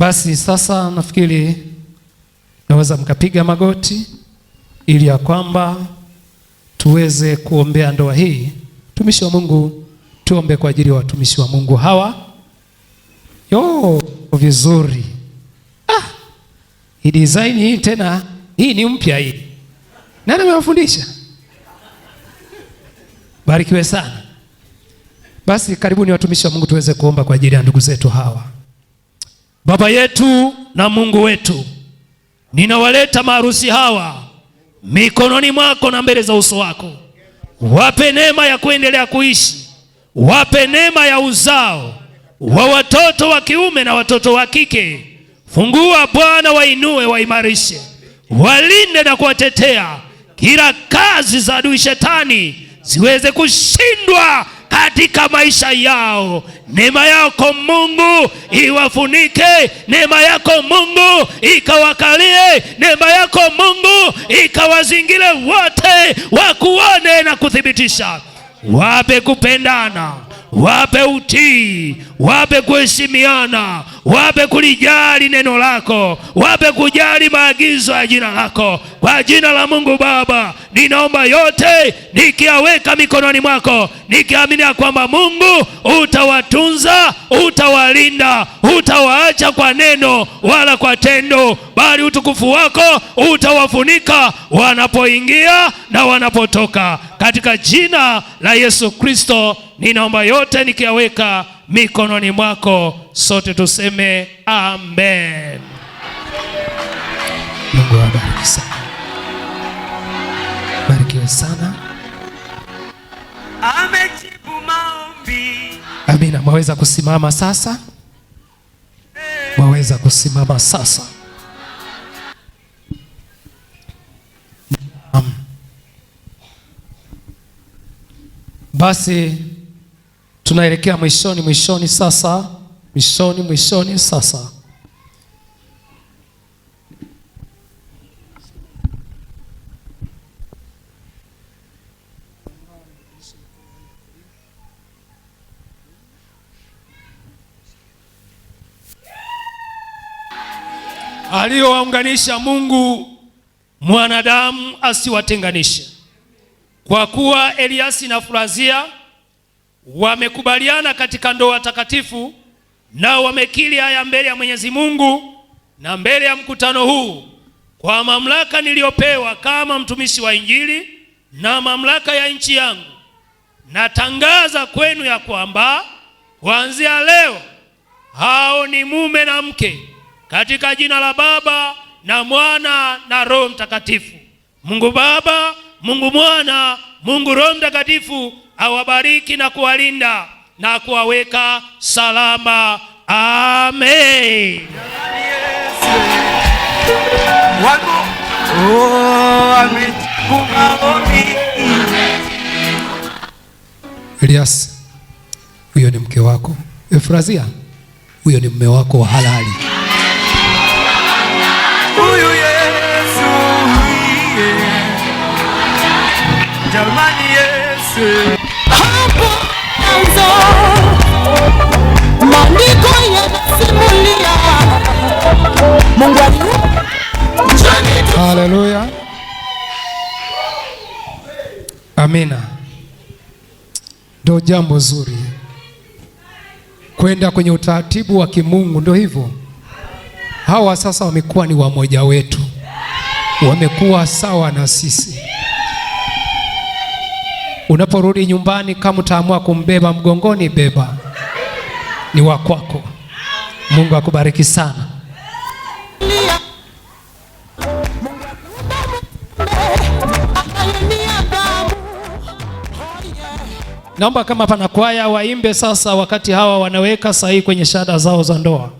Basi sasa nafikiri naweza mkapiga magoti ili ya kwamba tuweze kuombea ndoa hii. Mtumishi wa Mungu, tuombe kwa ajili ya watumishi wa Mungu hawa. Yo, vizuri. Ah, hii design hii tena hii ni mpya hii. Nani amewafundisha? Barikiwe sana. Basi karibuni watumishi wa Mungu tuweze kuomba kwa ajili ya ndugu zetu hawa. Baba yetu na Mungu wetu, ninawaleta maharusi hawa mikononi mwako na mbele za uso wako. Wape neema ya kuendelea kuishi, wape neema ya uzao wa watoto wa kiume na watoto wa kike. Fungua Bwana, wainue, waimarishe, walinde na kuwatetea, kila kazi za adui shetani ziweze kushindwa katika maisha yao. Neema yako Mungu iwafunike, neema yako Mungu ikawakalie, neema yako Mungu ikawazingire wote, wakuone na kuthibitisha. Wape kupendana, wape utii, wape kuheshimiana, wape kulijali neno lako, wape kujali maagizo ya jina lako. Kwa jina la Mungu Baba ninaomba yote, nikiaweka mikononi mwako nikiamini ya kwamba Mungu utawatunza, utawalinda, utawaacha kwa neno wala kwa tendo, bali utukufu wako utawafunika wanapoingia na wanapotoka. Katika jina la Yesu Kristo ninaomba yote nikiyaweka mikononi mwako. Sote tuseme amen. Mungu abariki sana, barikiwe sana. Amen. Amina. Mwaweza kusimama sasa, mwaweza kusimama sasa. Um, basi tunaelekea mwishoni, mwishoni sasa, mwishoni, mwishoni sasa. aliyowaunganisha Mungu mwanadamu asiwatenganishe. Kwa kuwa Eliasi na Furazia wamekubaliana katika ndoa takatifu, nao wamekiri haya mbele ya Mwenyezi Mungu na mbele ya mkutano huu, kwa mamlaka niliyopewa kama mtumishi wa Injili na mamlaka ya nchi yangu, natangaza kwenu ya kwamba kuanzia leo hao ni mume na mke katika jina la Baba na Mwana na Roho Mtakatifu. Mungu Baba, Mungu Mwana, Mungu Roho Mtakatifu awabariki na kuwalinda na kuwaweka salama. Amen. Elias, huyo ni mke wako. Efrazia, huyo ni mume wako wa halali huyu Yesu jamani, Yesu hapo maandiko yanasimulia Mungu Haleluya. Amina. ndo jambo zuri kwenda kwenye utaratibu wa kimungu, ndio hivyo hawa sasa wamekuwa ni wamoja wetu, wamekuwa sawa na sisi. Unaporudi nyumbani, kama utaamua kumbeba mgongoni, beba, ni wa kwako. Mungu akubariki sana. Naomba kama pana kwaya waimbe sasa, wakati hawa wanaweka sahihi kwenye shahada zao za ndoa.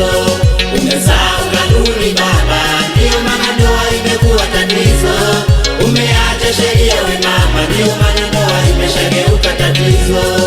tatizo, umezaa ukanuni baba, ndio maana ndoa imekuwa tatizo. Umeacha sheria we mama, ndio maana ndoa imeshageuka tatizo.